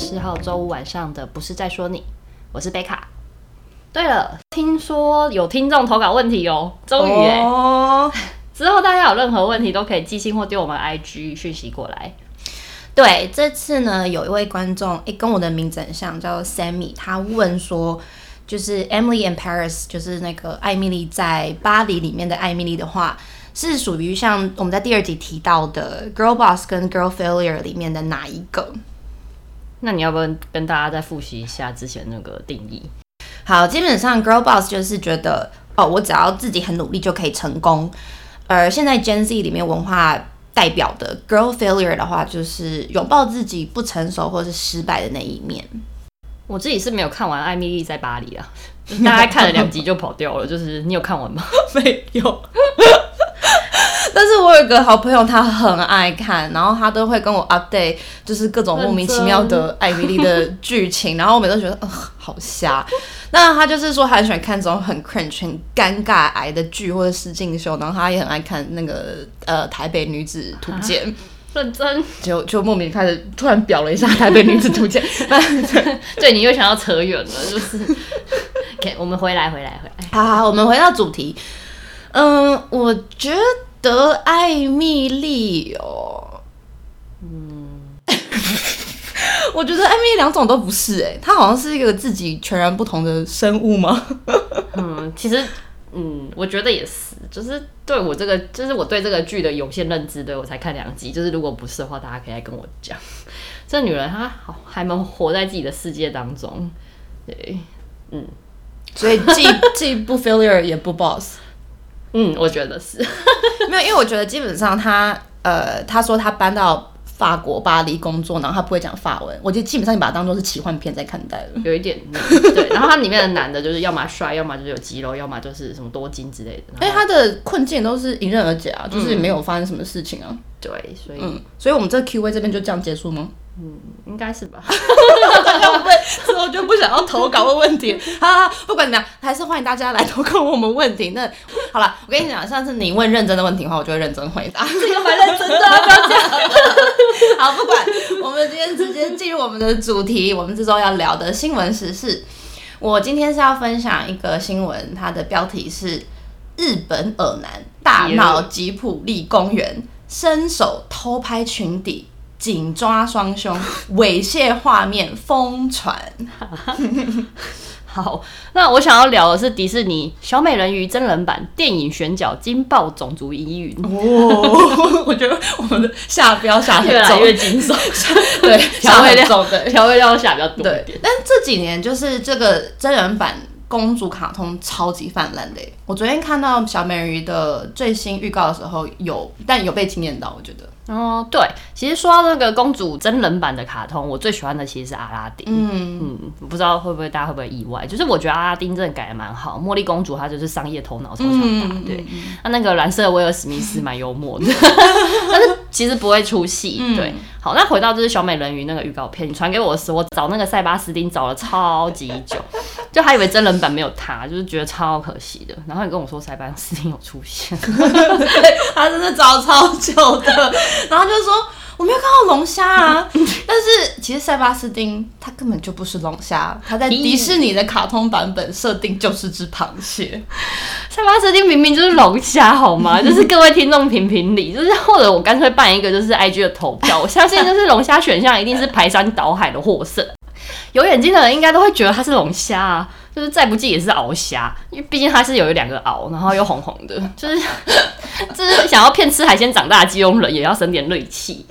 四號週五晚上的不是在說你，我是貝卡。對了，聽說有聽眾投稿問題哦、喔，終於、欸 oh！之後大家有任何問題都可以寄信或丟我們 IG 訊息過來。對，這次呢，有一位觀眾、欸，跟我的名字很像，叫 Sammy，他問說，就是 Emily in Paris，就是那個艾米麗在巴黎裡面的艾米麗的話，是屬於像我們在第二集提到的 Girl Boss 跟 Girl Failure 裡面的哪一個？那你要不要跟大家再複習一下之前那個定義？好，基本上 girl boss 就是覺得哦，我只要自己很努力就可以成功。而現在 Gen Z 裡面文化代表的 girl failure 的話，就是擁抱自己不成熟或是失敗的那一面。我自己是沒有看完《艾米麗在巴黎》啊， 大家看了兩集就跑掉了。就是你有看完嗎？沒有。但是我有個好朋友，他很愛看，然後他都會跟我 update，就是各種莫名其妙的艾米麗的劇情， 然後我每次都覺得、呃、好瞎。 那他就是說，他很喜歡看這種很 cringe、很尷尬癌的劇，或者是實境秀。然後他也很愛看那個呃《台北女子圖鑑》啊，認真就就莫名開始突然表了一下《台北女子圖鑑。》 對，你又想要扯遠了，就是。 OK，我們回來，回來，回來。好、啊、好，我們回到主題。嗯，我覺得。得艾蜜莉哦，嗯， 我覺得艾蜜莉兩種都不是哎、欸，她好像是一個自己全然不同的生物嗎？ 嗯，其實，嗯，我覺得也是，就是對我這個，就是我對這個劇的有限認知，對我才看兩集，就是如果不是的話，大家可以來跟我講， 這女人她好還蠻活在自己的世界當中，對，嗯，所以這既，既不 failure 也不 boss。 嗯，我覺得是 沒有，因為我覺得基本上他，呃，他說他搬到法國巴黎工作，然後他不會講法文，我覺得基本上你把它當做是奇幻片在看待了，有一點對。 然後他裡面的男的，就是要麼帥，要麼就是有肌肉，要麼就是什麼多金之類的。所以、欸、他的困境都是迎刃而解、嗯，就是沒有發生什麼事情啊。對，所以，嗯、所以我們這 Q&A 這邊就這樣結束嗎？嗯，應該是吧。我 家問，這 就不想要投稿問問題啊。不管哪，還是歡迎大家來投稿問我們問題。那好了，我跟你講，像是你問認真的問題的話，我就會認真回答。這個蠻認真的，啊，不要講。好，不管，我們今天直接進入我們的主題，我們這週要聊的新聞時事。我今天是要分享一個新聞，它的標題是：日本噁男大鬧吉卜力公園，伸手偷拍裙底。緊抓雙胸猥褻畫面瘋傳。 好，那我想要聊的是迪士尼《小美人魚》真人版電影選角驚爆種族疑雲。哦， 我覺得我們的下標下越來越精瘦， 對，調味料，對，調味料下比較多。對，但這幾年就是這個真人版公主卡通超級泛濫的。我昨天看到《小美人魚》的最新預告的時候有，有但有被驚豔到，我覺得哦，對。其實說到那個公主真人版的卡通，我最喜歡的其實是阿拉丁。嗯嗯，不知道會不會大家會不會意外？就是我覺得阿拉丁真的改的蠻好。茉莉公主她就是商業頭腦超強大。嗯對。那、嗯啊、那個藍色的威爾史密斯蠻幽默的， 但是其實不會出戲、嗯。對。好，那回到就是小美人魚那個預告片，你傳給我的時候，我找那個塞巴斯丁找了超級久，就還以為真人版沒有他，就是覺得超可惜的。然後你跟我說塞巴斯丁有出現， 對，他真的找超久的，然後就說。我沒有看到龍蝦啊， 但是其實塞巴斯丁他根本就不是龍蝦，他在迪士尼的卡通版本設定就是隻螃蟹。塞巴斯丁明明就是龍蝦，好嗎？ 就是各位聽眾評評理，就是或者我乾脆辦一個就是 IG 的投票， 我相信就是龍蝦選項一定是排山倒海的獲勝。 有眼睛的人應該都會覺得他是龍蝦啊。就是再不濟也是螯蝦，因為畢竟它是有一兩個螯，然後又紅紅的，就是就是想要騙吃海鮮長大的基隆人也要省點銳氣。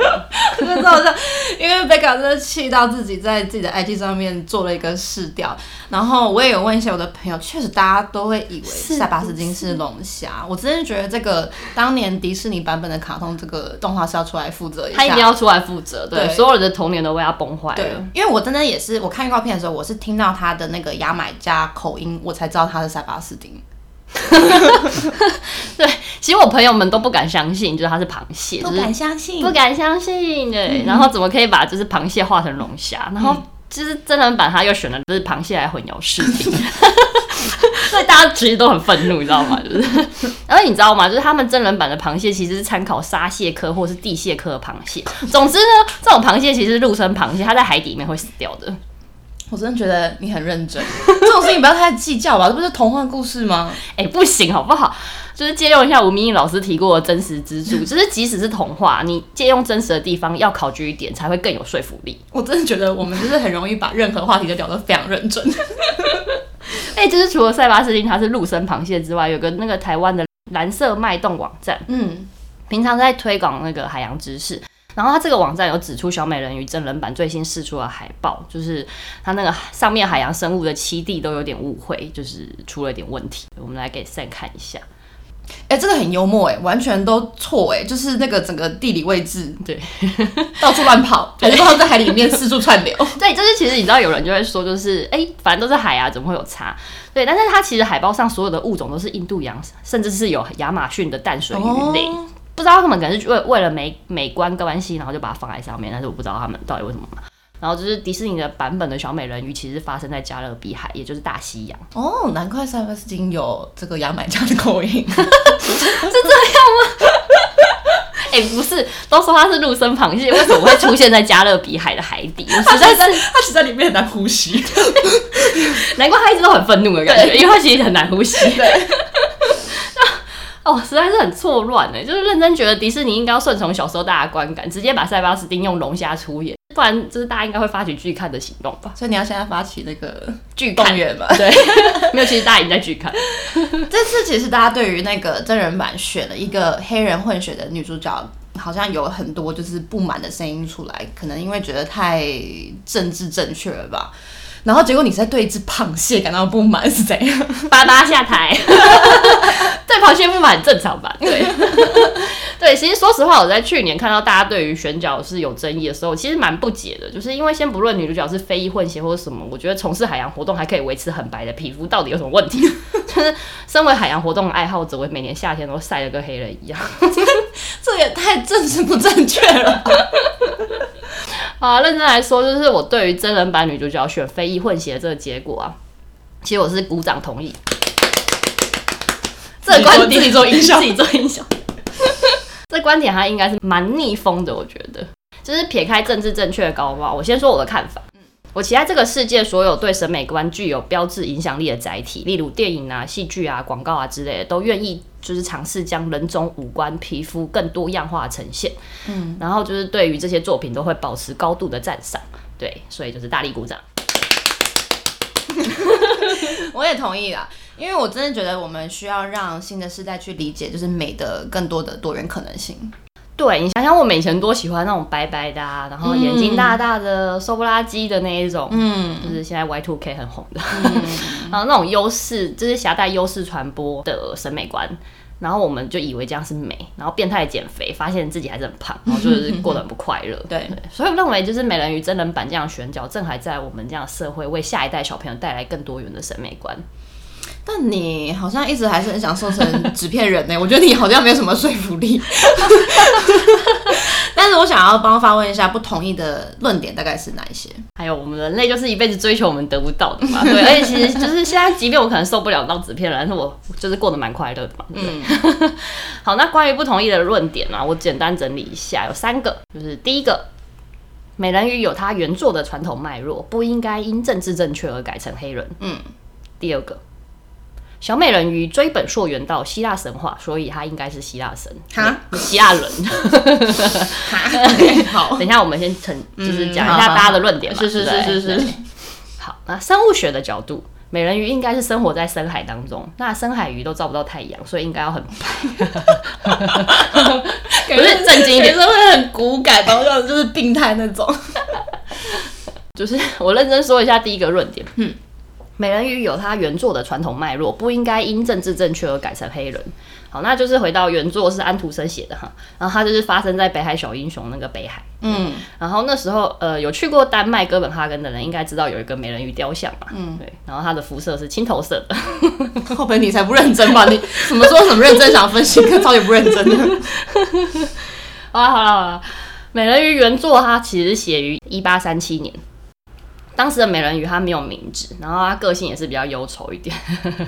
真的真的，因為貝卡真的氣到自己在自己的 IG 上面做了一個試調，然後我也有問一下我的朋友，確實大家都會以為塞巴斯汀是龍蝦。我真的覺得這個當年迪士尼版本的卡通這個動畫是要出來負責一下，他一定要出來負責對對對，對，所有的童年都被他崩壞了。對，因為我真的也是，我看預告片的時候，我是聽到他的那個牙買加，加口音，我才知道他是塞巴斯丁。 對，其實我朋友們都不敢相信，就是他是螃蟹，不敢相信，就是、不敢相信。對、嗯，然後怎麼可以把就是螃蟹畫成龍蝦？然後就是真人版他又選了就是螃蟹來混淆視聽， 所以大家其實都很憤怒， 你知道嗎？就是，然後你知道嗎？就是他們真人版的螃蟹其實是參考沙蟹科或是地蟹科的螃蟹。總之呢，這種螃蟹其實是陸生螃蟹，它在海底裡面會死掉的。我真的覺得你很認真，這種事情不要太計較吧， 這不是童話故事嗎？哎、欸，不行，好不好？就是借用一下吳明穎老師提過的真實之處。就是即使是童話，你借用真實的地方要考據一點，才會更有說服力。我真的覺得我們就是很容易把任何話題都聊得非常認真。哎、 欸，就是除了塞巴斯汀它是陸生螃蟹之外，有個那個台灣的藍色脈動網站，嗯，平常在推廣那個海洋知識。然後他這個網站有指出，《小美人魚》真人版最新釋出了海報，就是他那個上面海洋生物的棲地都有點誤會，就是出了點問題。我們來給 San 看一下，哎，這個很幽默，哎，完全都錯，哎，就是那個整個地理位置，對，到處亂跑， 還是不知道在海裡面四處竄流。 對，這是其實你知道有人就會說，就是哎，反正都是海啊，怎麼會有差？對，但是它其實海報上所有的物種都是印度洋，甚至是有亞馬遜的淡水魚類。哦不知道他們可能是為為了美美觀關係，然後就把它放在上面，但是我不知道他們到底為什麼嘛。然後就是迪士尼的版本的小美人魚，其實發生在加勒比海，也就是大西洋。哦，難怪塞巴斯汀有這個牙買加的口音， 是這樣嗎？哎、 欸，不是，都說它是陸生螃蟹，為什麼會出現在加勒比海的海底？它實在，它實在裡面很難呼吸。 難怪他一直都很憤怒的感覺，因為他其實很難呼吸。對。哦、實在是很錯亂哎，就是認真覺得迪士尼應該要順從小時候大家觀感，直接把塞巴斯汀用龍蝦出演，不然就是大家應該會發起拒看的行動吧。所以你要現在發起那個拒看吧？對，沒有，其實大家已經在拒看。這次其實大家對於那個真人版選了一個黑人混血的女主角，好像有很多就是不滿的聲音出來，可能因為覺得太政治正確了吧。然後結果你在對一只螃蟹感到不滿是怎樣？爸爸下台。 螃蟹不白正常吧？對對，其實說實話，我在去年看到大家對於選角是有爭議的時候，其實蠻不解的，就是因為先不論女主角是非裔混血或者什麼，我覺得從事海洋活動還可以維持很白的皮膚，到底有什麼問題？就是身為海洋活動的愛好者，我每年夏天都曬得跟黑人一樣， 這也太政治不正確了。好、 啊，認真來說，就是我對於真人版女主角選非裔混血這個結果啊，其實我是鼓掌同意。 說 這地理做營銷，做影響。這觀點還應該是蠻逆風的，我覺得。就是撇開政治正確的高吧，我先說我的看法。嗯，我期待這個世界所有對審美觀具有標誌影響力的載體，例如電影啊、戲劇啊、廣告啊之類的，都願意就是嘗試將人種、五官、皮膚更多樣化呈現。嗯，然後就是對於這些作品都會保持高度的讚賞。對，所以就是大力鼓掌。 我也同意啦，因為我真的覺得我們需要讓新的世代去理解，就是美的更多的多元可能性。對，你想想我以前多喜歡那種白白的，啊，然後眼睛大大的，嗯、瘦不拉幾的那一種，嗯，就是現在 Y2K 很紅的，嗯、 然後那種優勢，就是狹隘優勢傳播的審美觀。然後我們就以為這樣是美，然後變態減肥，發現自己還是很胖，然後就是過得很不快樂。嗯哼嗯哼對，對，所以我認為就是美人魚真人版這樣選角，正還在我們這樣的社會為下一代小朋友帶來更多元的審美觀。但你好像一直還是很想瘦成紙片人呢、欸？ 我覺得你好像沒有什麼說服力。 但是我想要幫發問一下，不同意的論點大概是哪一些？還有我們人類就是一輩子追求我們得不到的嘛。對， 而且其實就是現在，即便我可能受不了當紙片人，但是我就是過得蠻快樂的嘛，對。嗯， 好，那關於不同意的論點啊，我簡單整理一下，有三個，就是第一個，美人魚有它原作的傳統脈絡，不應該因政治正確而改成黑人。嗯，第二個。小美人魚追本溯源到希臘神話，所以它應該是希臘神，哈，希臘人 哈 okay, 好，嗯。好，等一下我們先承，就是講一下大家的論點，嗯，好好是是是是是。好，那生物學的角度，美人魚應該是生活在深海當中，那深海魚都照不到太陽，所以應該要很白。 不是，正經一點，就是會很骨感，然後就是病態那種。 就是我認真說一下第一個論點，嗯。美人魚有它原作的傳統脈絡，不應該因政治正確而改成黑人。好，那就是回到原作是安徒生寫的哈，然後它就是發生在北海小英雄那個北海。嗯，然後那時候呃，有去過丹麥哥本哈根的人應該知道有一個美人魚雕像吧？嗯，對，然後它的膚色是青頭色。的。後、嗯、靠，你 才不認真吧？你怎麼說什麼認真想分析， 超級不認真的 好啦。好了好了好了，美人魚原作它其實寫於一八三七年。當時的美人魚她沒有名字，然後她個性也是比較憂愁一點。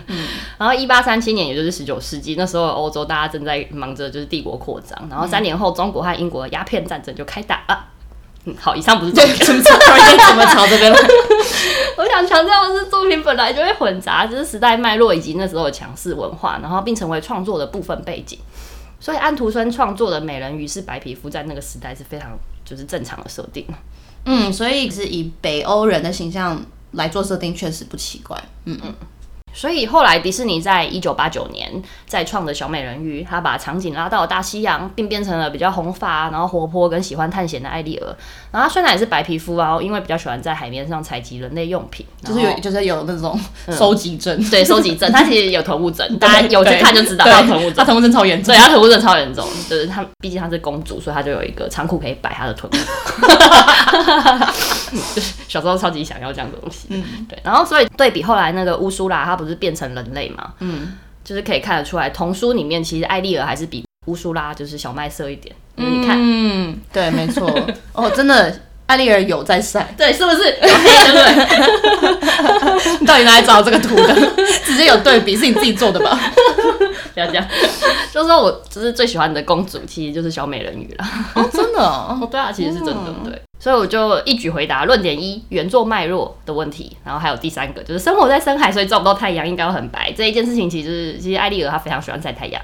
嗯、 然後一八三七年，也就是十九世紀，那時候歐洲大家正在忙着就是帝國擴張，然後三年後、嗯、中國和英國的鴉片戰爭就開打了。嗯，好，以上不是作品、ok，怎 麼 朝這邊？ 我想強調的是，作品本來就會混雜，只、就是時代脈絡以及那時候的強勢文化，然後並成為創作的部分背景。所以安徒生創作的美人魚是白皮膚，在那個時代是非常就是正常的設定。嗯，所以是以北歐人的形象來做設定，確實不奇怪。嗯嗯。所以後來迪士尼在一九八九年再創的小美人魚，他把場景拉到大西洋，並變成了比較紅髮，然後活潑跟喜歡探險的愛麗兒。然後他雖然也是白皮膚啊，因為比較喜歡在海面上採集人類用品，就是有就是有那種收集症。嗯。對，收集症，他其實有囤物症，大 家有去看就知道。對，對對他囤物症超嚴重。對他囤物症超嚴重， 重，就是他畢竟他是公主，所以他就有一個倉庫可以擺他的囤物。 小時候超級想要這樣的東西的。嗯，對。然後所以對比後來那個烏蘇拉，他。不是變成人類嗎？嗯，就是可以看得出來，童書裡面其實艾麗兒還是比烏蘇拉就是小麥色一點。嗯、你看，嗯，對，沒錯。 哦，真的，艾麗兒有在曬，對，是不是有你、 okay, 對，不對， 到底哪裡找到這個圖的？ 直接有對比，是你自己做的吧？ 不要這樣，就是我，就是最喜歡你的公主，其實就是小美人魚啦、哦。真的哦？ 哦，對啊，其實是真的，嗯、對。所以我就一舉回答論點一原作脈絡的問題，然後還有第三個就是生活在深海，所以照不到太陽，應該會很白這一件事情。其實、就是，其實愛麗兒她非常喜歡曬太陽。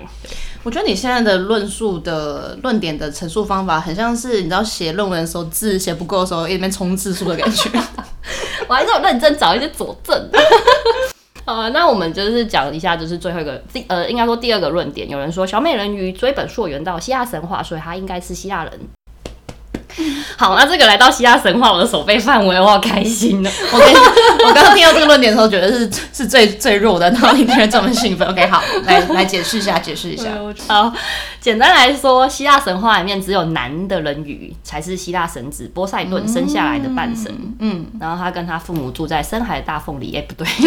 我覺得你現在的論述的論點的陳述方法，很像是你知道寫論文的時候字寫不夠的時候，一邊充字數的感覺。 我還是有認真找一些佐證。 好、啊，那我們就是講一下，就是最後一個第呃，應該說第二個論點，有人說小美人魚追本溯源到希臘神話，所以她應該是希臘人。好，那這個來到希臘神話，我的守備範圍，我好開心呢、哦。Okay, 我我剛剛聽到這個論點的時候，覺得是是最最弱的，然後你居然這麼興奮。OK，好，來來解釋一下，解釋一下。好、uh,，簡單來說，希臘神話裡面只有男的人魚才是希臘神子波塞頓生下來的半神、嗯。嗯，然後他跟他父母住在深海的大鳳梨裡。哎、欸，不對，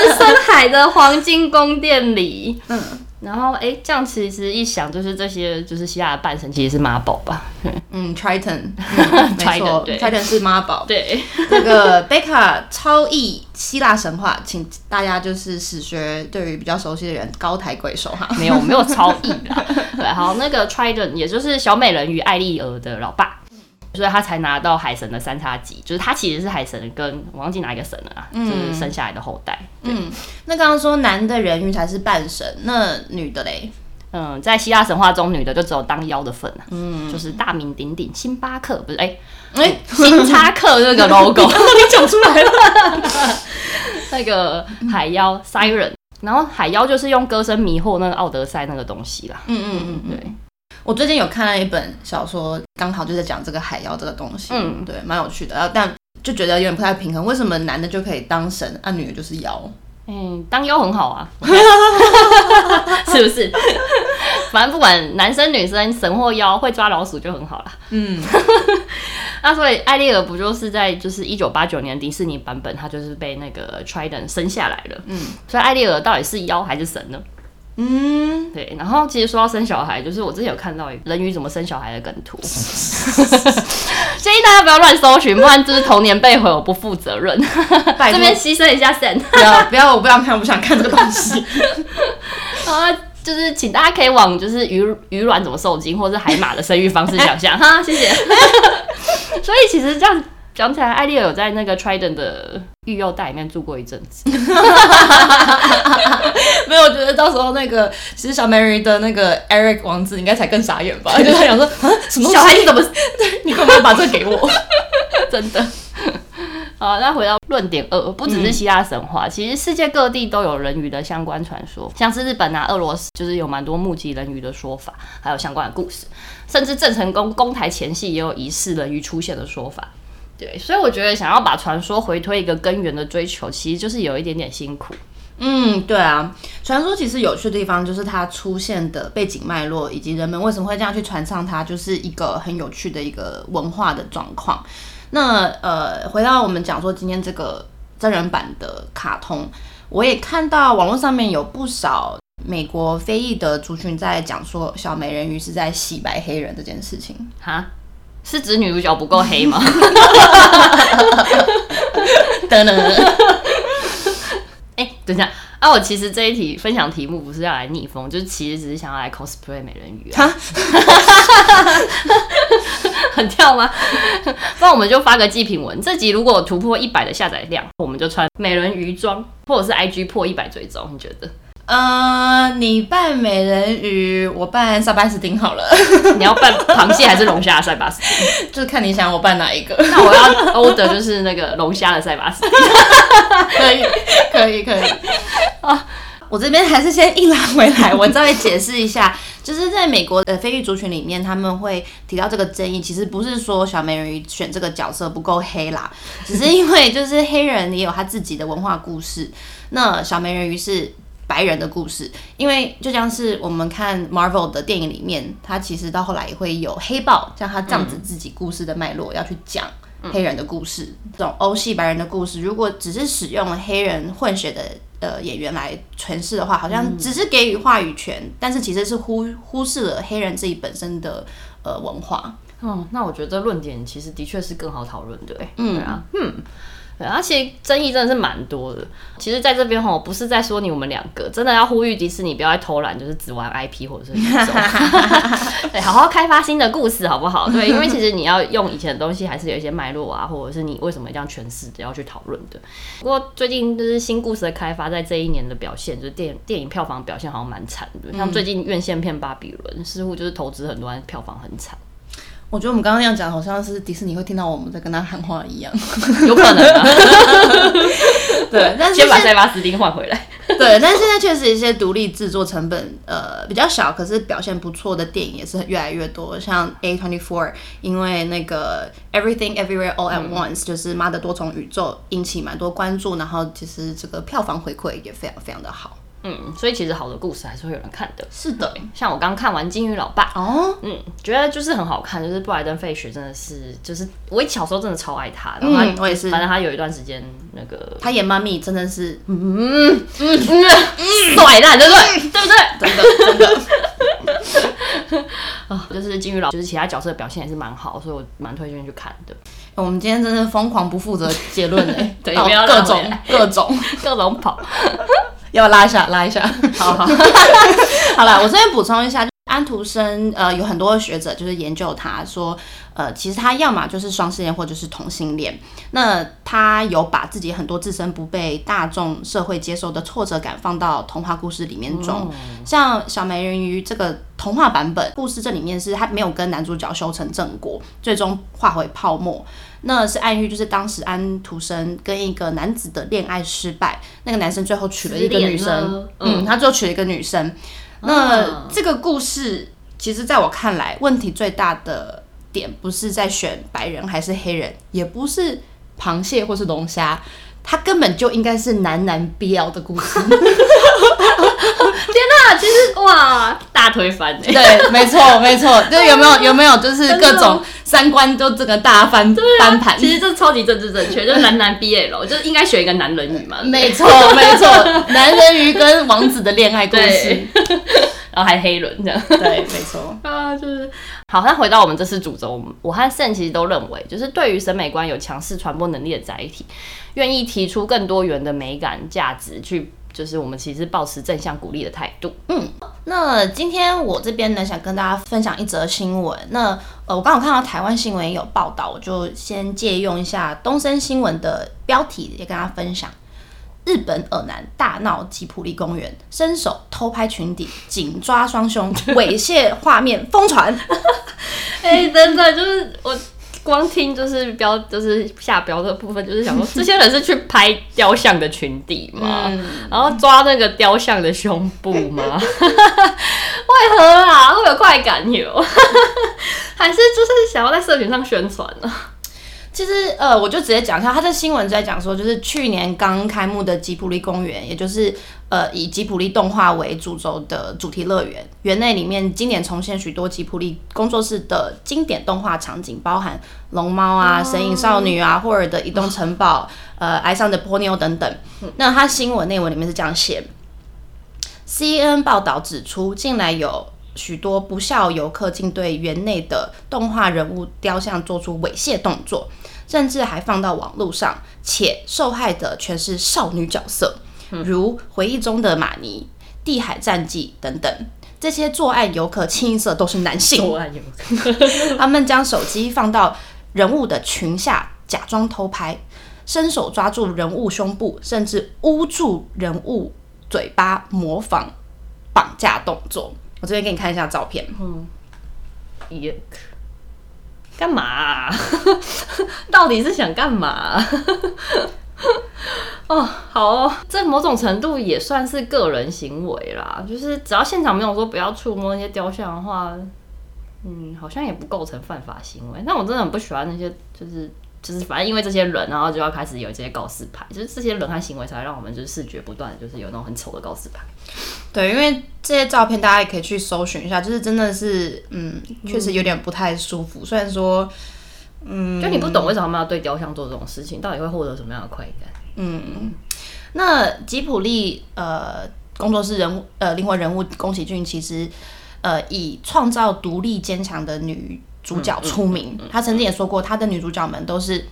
是深海的黃金宮殿裡。嗯。然後，誒，這樣其實一想，就是這些就是希臘的半神，其實是媽寶吧？嗯，Triton，嗯 沒錯 Triton，Triton 是媽寶。對，那 個貝卡超譯希臘神話，請大家就是史學對於比較熟悉的人高抬貴手哈。沒有，沒有超譯啊。 對，好，那個 Triton 也就是小美人魚艾麗兒的老爸。所以他才拿到海神的三叉戟，就是他其實是海神跟我忘記哪一個神了啊、嗯，就是生下來的後代。嗯，那剛剛說男的人魚才是半神，那女的嘞？嗯，在希臘神話中，女的就只有當妖的份啊。嗯，就是大名鼎鼎星巴克不是？哎、欸、哎，星、欸、叉克這個 logo 你講出來了。那個海妖 Siren，然後海妖就是用歌聲迷惑那個奧德賽那個東西啦。嗯嗯嗯，對。我最近有看了一本小說，剛好就在講這個海妖這個東西，嗯，對，蠻有趣的。然、啊、後但就覺得有點不太平衡，為什麼男的就可以當神，啊女的就是妖？嗯、欸，當妖很好啊， 是不是？ 反正不管男生女生，神或妖，會抓老鼠就很好了。嗯， 那所以艾麗爾不就是在就是一九八九年的迪士尼版本，她就是被那個 Triton 生下來了。嗯，所以艾麗爾到底是妖還是神呢？嗯，對，然後其實說到生小孩，就是我之前有看到人魚怎麼生小孩的梗圖， 建議大家不要亂搜尋，不然就是童年被毀，我不負責任。 這邊犧牲一下，San，不要、 啊、不要，我不想看，不想看這個東西。 就是請大家可以往就是魚魚卵怎麼受精，或者是海馬的生育方式想象。 哈，謝謝。 所以其實這樣。講起來，艾麗爾有在那個 Triton 的育幼袋裡面住過一陣子。 沒有，我覺得到時候那個其實小 Mary 的那個 Eric 王子應該才更傻眼吧？對對對，就是他想說，啊，什麼小孩子怎麼 對，你會不會把這個給我？ 真的。好，那回到論點二，不只是希臘神話、嗯，其實世界各地都有人魚的相關傳說，像是日本啊、俄羅斯，就是有蠻多目擊人魚的說法，還有相關的故事，甚至鄭成功攻台前夕也有疑似人魚出現的說法。對，所以我覺得想要把傳說回推一個根源的追求，其實就是有一點點辛苦。嗯，對啊，傳說其實有趣的地方就是它出現的背景脈絡，以及人們為什麼會這樣去傳唱它，就是一個很有趣的一個文化的狀況。那呃，回到我們講說今天這個真人版的卡通，我也看到網絡上面有不少美國非裔的族群在講說小美人魚是在洗白黑人這件事情，哈是指女主角不夠黑嗎？等等，哎，等一下，等、啊、我其實這一題分享題目不是要來逆風，就是其實只是想要來 cosplay 美人魚等、啊、 很跳嗎？那我們就發個祭品文，這集如果突破一百的下載量，我們就穿美人魚裝，或者是 IG 破一百追蹤，你覺得？呃、uh，你扮美人魚，我扮塞巴斯汀好了。 你要扮螃蟹還是龍蝦？塞巴斯汀 就是看你想，我扮哪一個？那我要 order 就是那個龍蝦的塞巴斯汀。 可以，可以，可以。啊，我這邊還是先硬拉回來，我再解釋一下。 就是在美國的非裔族群裡面，他們會提到這個爭議。其實不是說小美人魚選這個角色不夠黑啦，只是因為就是黑人也有他自己的文化故事。 那小美人魚是。白人的故事，因為就像是我們看 Marvel 的電影裡面，他其實到後來也會有黑豹，像他仗著自己故事的脈絡、嗯、要去講黑人的故事，嗯、這種歐系白人的故事，如果只是使用了黑人混血的呃演員來詮釋的話，好像只是給予話語權、嗯，但是其實是忽忽視了黑人自己本身的呃文化。嗯，那我覺得論點其實的確是更好討論的，對嗯對啊。嗯。對啊，其實爭議真的是蠻多的。其實，在這邊吼，我不是在說你，我們兩個真的要呼籲迪士尼不要再偷懶，就是只玩 IP 或者是 對，好好開發新的故事，好不好？對，因為其實你要用以前的東西，還是有一些脈絡啊， 或者是你為什麼這樣詮釋的，要去討論的。不過最近就是新故事的開發，在這一年的表現，就是電電影票房表現好像蠻慘的。嗯。像最近院線片《巴比倫》似乎就是投資很多，票房很慘。我覺得我們剛剛那樣講，好像是迪士尼會聽到我們在跟他喊話一樣。有可能啊， 對。那先把塞巴斯丁換回來。 對，但是現在確實一些獨立製作成本呃比較小，可是表現不錯的電影也是越來越多。像《A Twenty Four》，因為那個《Everything Everywhere All at Once》嗯，就是媽的多重宇宙，引起蠻多關注，然後其實這個票房回饋也非常非常的好。嗯，所以其實好的故事還是會有人看的。是的，嗯、像我剛看完《鯨魚老爸》哦，嗯，覺得就是很好看，就是布萊登·費雪真的是，就是我一小時候真的超愛他，然後他、嗯、我也是，反正他有一段時間那個他演媽咪真的是，嗯嗯嗯嗯，甩、嗯、爛、嗯嗯嗯、對不對，對？對不對，對，對，對，對？真的真的，啊、 哦，就是鯨魚老，就是其他角色的表現也是蠻好，所以我蠻推薦去看的。我們今天真的是瘋狂不負責結論哎、欸， 對，各種各種各種跑。 要拉一下，拉一下，好好好啦。 我這邊補充一下。安徒生，呃，有很多學者就是研究他，說，呃，其實他要麼就是雙性戀，或者是同性戀。那他有把自己很多自身不被大眾社會接受的挫折感放到童話故事裡面中，嗯、像小美人魚這個童話版本故事這裡面是他沒有跟男主角修成正果，最終化為泡沫。那是暗喻就是當時安徒生跟一個男子的戀愛失敗，那個男生最後娶了一個女生，嗯，嗯，他最後娶了一個女生。那這個故事，其實在我看來，問題最大的點不是在選白人還是黑人，也不是螃蟹或是龍蝦。他根本就應該是男男 B L 的故事， 天哪、啊！其實哇，大推翻對，沒錯，沒錯，就有沒有有沒有，就是各種三觀都這個大翻翻盤、 啊。其實這是超級政治正確，就是男男 B L， 就是應該選一個男人魚嘛。沒錯， 沒錯，男人魚跟王子的戀愛故事，然後還黑輪這樣 對，沒錯啊，就是。好，那回到我們這次主軸，我們我和盛其實都認為，就是對於審美觀有強勢傳播能力的載體，願意提出更多元的美感價值，去就是我們其實抱持正向鼓勵的態度。嗯，那今天我這邊呢，想跟大家分享一則新聞。那呃，我剛好看到台灣新聞也有報道，我就先借用一下東森新聞的標題，也跟大家分享。日本噁男大鬧吉卜力公園，伸手偷拍裙底，緊抓雙胸，猥褻畫面瘋傳。哎、 欸，真的就是我光聽就是標就是下標的部分，就是想說這些人是去拍雕像的裙底嗎？ 然後抓那個雕像的胸部嗎？ 為何啊？會有快感有？ 還是就是想要在社群上宣傳呢、啊？其實，呃，我就直接講一下，他的新聞在講說，就是去年剛開幕的吉卜力公園，也就是呃，以吉卜力動畫為主軸的主題樂園，園內裡面經典重現許多吉卜力工作室的經典動畫場景，包含龍貓啊、嗯、神隱少女啊、霍爾的移動城堡、呃、崖上的波妞等等。嗯、那他新聞內文裡面是這樣寫：CNN 報道指出，近來有。許多不肖遊客竟對園內的動畫人物雕像做出猥褻動作，甚至還放到網絡上，且受害的全是少女角色，如回憶中的瑪妮、地海戰記等等。這些作案遊客清一色都是男性。作案遊客， 他們將手機放到人物的裙下，假裝偷拍，伸手抓住人物胸部，甚至捂住人物嘴巴，模仿綁架動作。我這邊給你看一下照片。嗯，耶、yeah. 幹嘛啊？ 到底是想幹嘛啊？ 哦，好哦。這某種程度也算是個人行為啦。就是只要現場沒有說不要觸摸那些雕像的話，嗯，好像也不構成犯法行為。但我真的很不喜歡那些，就是。就是反正因為這些人，然後就要開始有這些告示牌，就是這些人和行為，才會讓我們就是視覺不斷，就是有那種很醜的告示牌。對，因為這些照片大家也可以去搜尋一下，就是真的是，嗯，確實有點不太舒服，嗯。雖然說，嗯，就你不懂為什麼他們要對雕像做這種事情，到底會獲得什麼樣的快感？嗯，那吉卜力呃，工作室人物呃，靈魂人物宮崎駿其實呃，以創造獨立堅強的女主角出名。嗯嗯嗯嗯，他曾經也說過，他的女主角們都是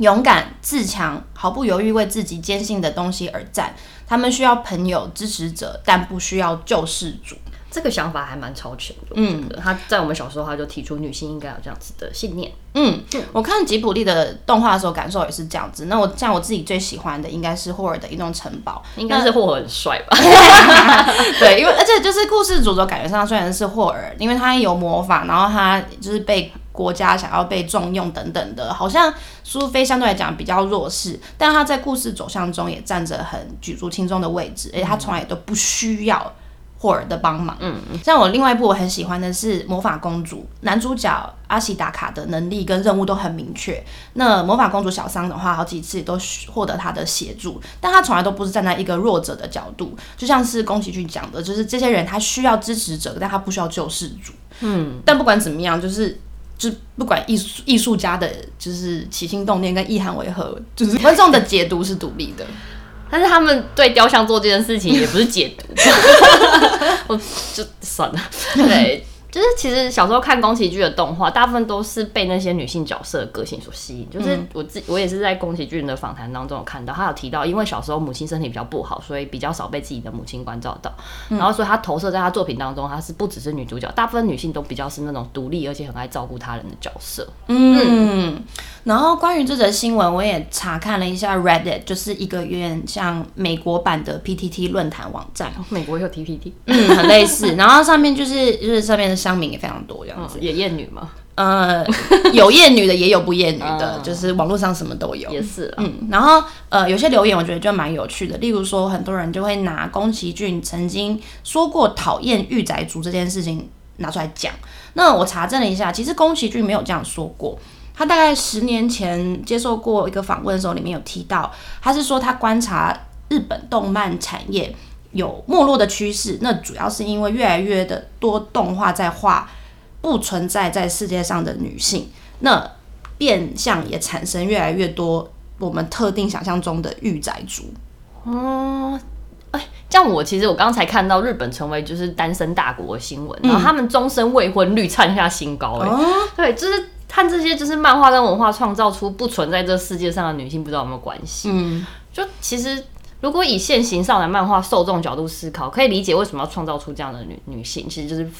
勇敢、自強，毫不猶豫為自己堅信的東西而戰。他們需要朋友、支持者，但不需要救世主。這個想法還蠻超前的。嗯，他在我們小時候他就提出女性應該有這樣子的信念。嗯，我看吉卜力的動畫的時候感受也是這樣子。那我像我自己最喜歡的應該是霍爾的移動城堡，應該是霍爾很帥吧。 但是故事主角，感覺上他雖然是霍爾，因為他有魔法，然後他就是被國家想要被重用等等的，好像蘇菲相對來講比較弱勢，但他在故事走向中也占著很舉足輕重的位置，而且他從來也都不需要。霍爾的幫忙，嗯，像我另外一部我很喜歡的是《魔法公主》，男主角阿西達卡的能力跟任務都很明確。那《魔法公主》小桑的話，好幾次都獲得他的協助，但他從來都不是站在一個弱者的角度。就像是宮崎駿講的，就是這些人他需要支持者，但他不需要救世主。嗯，但不管怎麼樣，就是就不管藝藝術家的就是起心動念跟意涵為何，嗯，就是觀眾的解讀是獨立的。 但是他們對雕像做這件事情也不是解讀， 我就算了。 對。就是其實小時候看宮崎駿的動畫，大部分都是被那些女性角色的個性所吸引。就是我自己，我也是在宮崎駿的訪談當中有看到，他有提到，因為小時候母親身體比較不好，所以比較少被自己的母親關照到，嗯。然後所以他投射在他作品當中，他是不只是女主角，大部分女性都比較是那種獨立而且很愛照顧他人的角色。嗯，嗯，然後關於這則新聞，我也查看了一下 Reddit，就是一個有點像美國版的 PTT 論壇網站。哦、美國也有 TPT，嗯，很類似。然後上面就是 就是上面的。商名也非常多，這樣子。也、嗯、厭女嗎？呃，有厭女，女的，也有不厭女的，就是網絡上什麼都有。也是、啊、嗯，然後呃，有些留言我覺得就蠻有趣的，例如說，很多人就會拿宮崎駿曾經說過討厭御宅族這件事情拿出來講。那我查證了一下，其實宮崎駿沒有這樣說過。他大概十年前接受過一個訪問的時候，裡面有提到，他是說他觀察日本動漫產業。有沒落的趨勢，那主要是因為越來越的多動畫在畫不存在在世界上的女性，那變相也產生越來越多我們特定想象中的御宅族。嗯，哎，像我其實我剛才看到日本成為就是單身大國的新聞，嗯、然後他們終身未婚率創下新高、欸，哎、哦，對，就是看這些就是漫畫跟文化創造出不存在這世界上的女性，不知道有沒有關係？嗯，就其實。如果以現行少年漫畫受眾角度思考，可以理解為什麼要創造出這樣的女女性，其實就是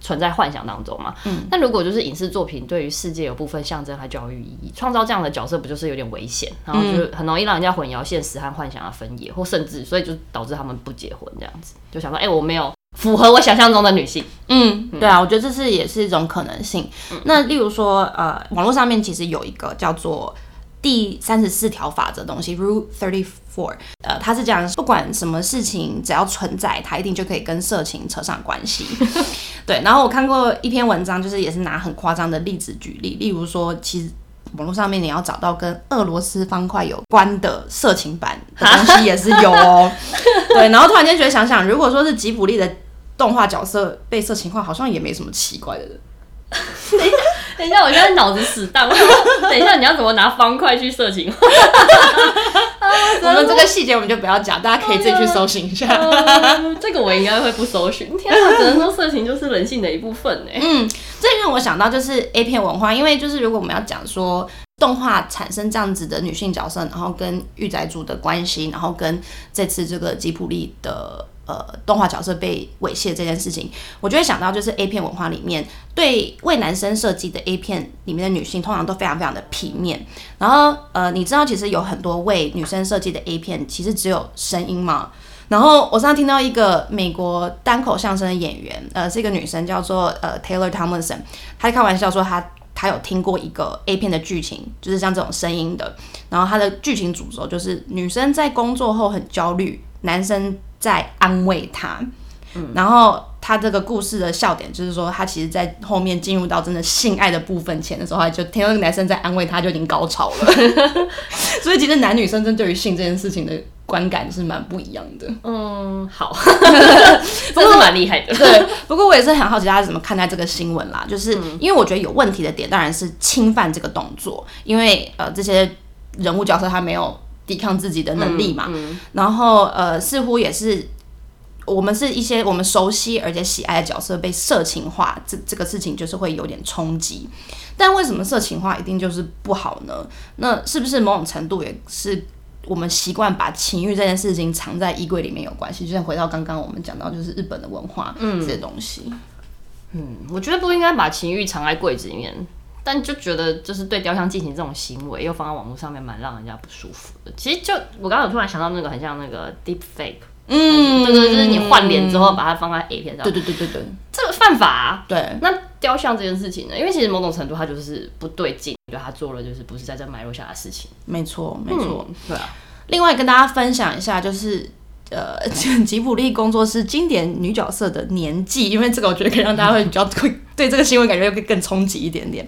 存在幻想當中嘛。嗯。那如果就是影視作品對於世界有部分象徵和教育意義，創造這樣的角色不就是有點危險？然後就是很容易讓人家混淆現實和幻想的分野，嗯，或甚至所以就導致他們不結婚這樣子。就想說，哎，欸，我沒有符合我想象中的女性嗯。嗯，對啊，我覺得這是也是一種可能性。那例如說，呃，網絡上面其實有一個叫做。第三十四條法則東西，Rule 34，呃，他是講不管什麼事情，只要存在，他一定就可以跟色情扯上關係。 對，然後我看過一篇文章，就是也是拿很誇張的例子舉例，例如說，其實網絡上面你要找到跟俄羅斯方塊有關的色情版的東西也是有哦、喔。 對，然後突然間覺得想想，如果說是吉卜力的動畫角色被色情化，好像也沒什麼奇怪的。 等一下，我現在腦子死當。我，等一下，你要怎麼拿方塊去色情， 啊說？我們這個細節我們就不要講，大家可以自己去搜尋一下，哎呃。這個我應該會不搜尋。天啊，只能說色情就是人性的一部分嗯，這讓我想到就是 A 片文化，因為就是如果我們要講說動畫產生這樣子的女性角色，然後跟御宅族的關係，然後跟這次這個吉卜力的。呃，動畫角色被猥褻這件事情，我就會想到就是 A 片文化裡面對為男生設計的 A 片裡面的女性通常都非常非常的平面。然後呃，你知道其實有很多為女生設計的 A 片其實只有聲音嘛。然後我上次聽到一個美國單口相聲的演員，呃，是一個女生叫做呃 Taylor Tomlinson，她在開玩笑說她她有聽過一個 A 片的劇情，就是像這種聲音的。然後她的劇情主軸就是女生在工作後很焦慮，男生。在安慰他，嗯，然後他這個故事的笑點就是說，他其實在後面進入到真的性愛的部分前的時候，他就聽到那個男生在安慰他，就已經高潮了。 所以，其實男女生針對於性這件事情的觀感是蠻不一樣的。嗯，好， 不過蠻厲害的。對，不過我也是很好奇，大家怎麼看待這個新聞啦？就是因為我覺得有問題的點當然是侵犯這個動作，因為呃，這些人物角色他沒有。抵抗自己的能力嘛，嗯嗯、然後呃，似乎也是我們是一些我們熟悉而且喜愛的角色被色情化，這這個事情就是會有點衝擊。但為什麼色情化一定就是不好呢？那是不是某種程度也是我們習慣把情欲這件事情藏在衣櫃裡面有關係？就像回到剛剛我們講到就是日本的文化這些東西。嗯，嗯，我覺得不應該把情欲藏在櫃子裡面。但就覺得，就是對雕像進行這種行為，又放在網絡上面，蠻讓人家不舒服的。其實就我剛剛有突然想到那個很像那個 deep fake，嗯，對對，就是你換臉之後把它放在 A 片上，嗯，對對對對，這個犯法啊。對，那雕像這件事情呢？因為其實某種程度它就是不對勁，我覺得他做了就是不是在這買入下的事情。沒錯，沒錯，嗯，對啊。另外跟大家分享一下，就是。呃，吉卜力工作室經典女角色的年紀，因為這個我覺得可以讓大家會比較會對， 對這個新聞感覺會更衝擊一點點。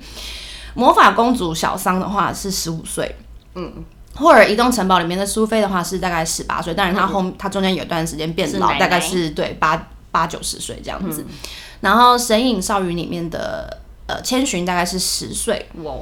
魔法公主小桑的話是十五歲，嗯，或者移動城堡裡面的蘇菲的話是大概十八歲，當然她後她中間有一段時間變老奶奶，大概是對八八九十歲這樣子。嗯、然後神隱少女裡面的呃千尋大概是十歲，哇，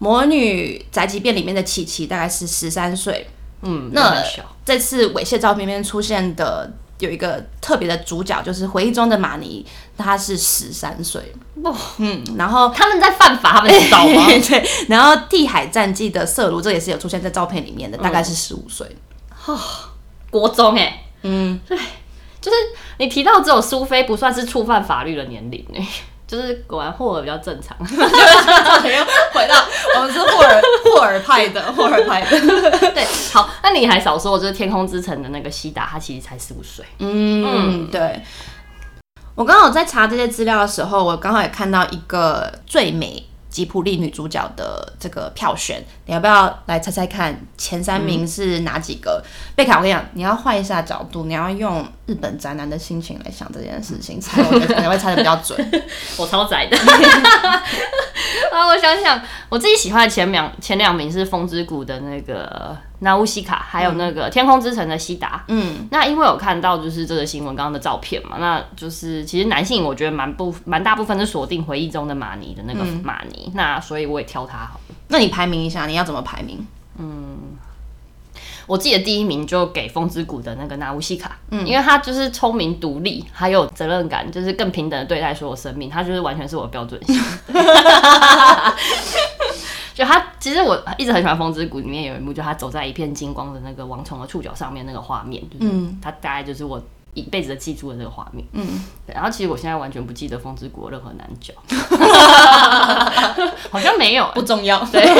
魔女宅急便裡面的琪琪大概是十三歲。嗯，那這次猥褻照片裡面出現的有一個特別的主角，就是回憶中的瑪尼，他是十三歲，哦，嗯，然後他們在犯法，他們知道嗎？對，然後地海戰記的瑟魯，這也是有出現在照片裡面的，大概是十五歲，嗯，哦，國中哎，嗯，對，就是你提到這種蘇菲，不算是觸犯法律的年齡哎。就是果然霍爾比較正常，哈，回到我們是霍爾 霍爾派的霍爾派的。對，派的 對，好，那你還少說，就是《天空之城》的那個希達，他其實才十五歲。嗯，對。我剛好在查這些資料的時候，我剛好也看到一個最美。吉普力女主角的這個票選，你要不要來猜猜看？前三名是哪幾個？貝卡、嗯，我跟你講，你要換一下角度，你要用日本宅男的心情來想這件事情，嗯、猜，我覺得可能會猜得比較準。我超宅的，啊， 我想想，我自己喜歡的前兩前兩名是《風之谷》的那個。納烏西卡，還有那個天空之城的西達。嗯,那因為我看到就是這個新聞剛剛的照片嘛,那就是其實男性我覺得蠻不蠻大部分是鎖定回憶中的瑪妮的那個瑪妮。嗯,那所以我也挑他好。那你排名一下,你要怎麼排名?嗯,我自己的第一名就給風之谷的那個納烏西卡,嗯,因為他就是聰明獨立,還有責任感,就是更平等的對待所有生命,他就是完全是我的標準。 就他其實我一直很喜歡《風之谷》，裡面有一幕，就他走在一片金光的那個王蟲的觸角上面那個畫面，嗯，他、就是、大概就是我一輩子都記住的那個畫面，嗯對。然後其實我現在完全不記得《風之谷》任何男主角， 好像沒有、欸，不重要， 對 對。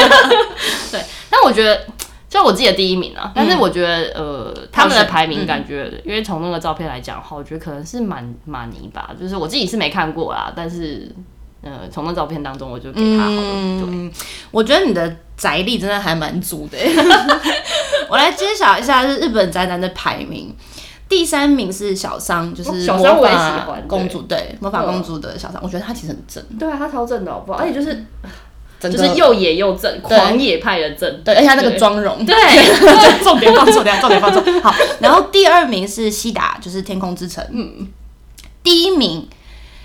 但我覺得就我自己的第一名啊，嗯、但是我覺得呃他們的排名感覺，嗯、因為從那個照片來講我覺得可能是蠻蠻尼吧，就是我自己是沒看過啦，但是。呃，從那照片當中，我就給他好了，嗯。我覺得你的宅力真的還蠻足的。 我來揭曉一下是日本宅男的排名，第三名是小桑，就是魔法公主，哦、對，對，魔法公主的小桑，我覺得他其實很正。對啊，他超正的好不好，而且就是就是又野又正，狂野派的正。對，而且他那個妝容，對、對 重，重點放錯。等下重點放錯。好，然後第二名是西達，就是天空之城。嗯，第一名。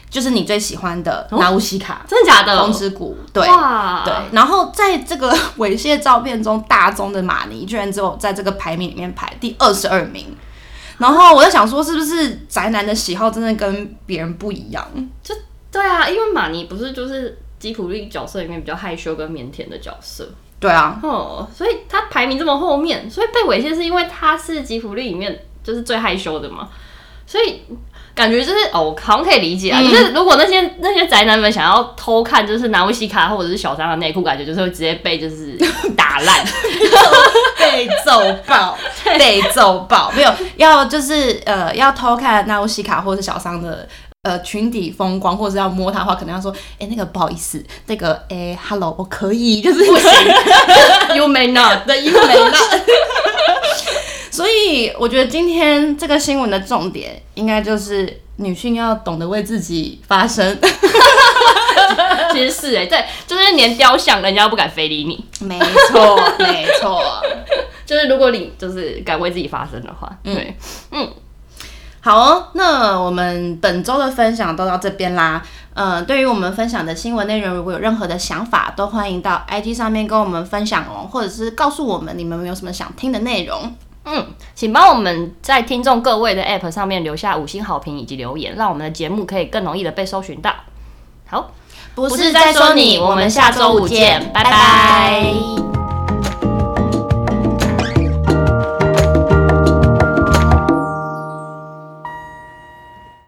就是你最喜歡的、哦、拿烏西卡，真的假的？風之谷，對哇，對。然後在這個猥褻照片中，大宗的瑪妮居然只有在這個排名裡面排第二十二名。然後我就想說，是不是宅男的喜好真的跟別人不一樣？就對啊，因為瑪妮不是就是吉卜力角色裡面比較害羞跟腼腆的角色，對啊。哦，所以他排名這麼後面，所以被猥褻是因為他是吉卜力裡面就是最害羞的嘛？所以。感覺就是哦，好像可以理解啊、嗯。就是如果那些那些宅男們想要偷看，就是娜烏西卡或者是小桑的內褲，感覺就是會直接被就是打爛， 被揍爆， 被揍爆， 被揍爆。沒有，要就是呃要偷看娜烏西卡或者是小桑的呃裙底風光，或者是要摸他的話，可能要說，哎、欸，那個不好意思，那個哎、欸、，hello，我可以，就是不行，you may not, that you may not。 所以我覺得今天這個新聞的重點，應該就是女性要懂得為自己發聲。 其實是哎、欸，對，就是連雕像人家都不敢非禮你。沒錯，沒錯， 就是如果你就是敢為自己發聲的話，對嗯，嗯，好哦，那我們本周的分享都到這邊啦。呃，對於我們分享的新聞內容，如果有任何的想法，都歡迎到 IG 上面跟我們分享哦，或者是告訴我們你們有沒有什麼想聽的內容。嗯，請幫我們在聽眾各位的 App 上面留下五星好評以及留言，讓我們的節目可以更容易的被搜尋到。好，不是在說你，我們下周五見，拜拜。拜拜。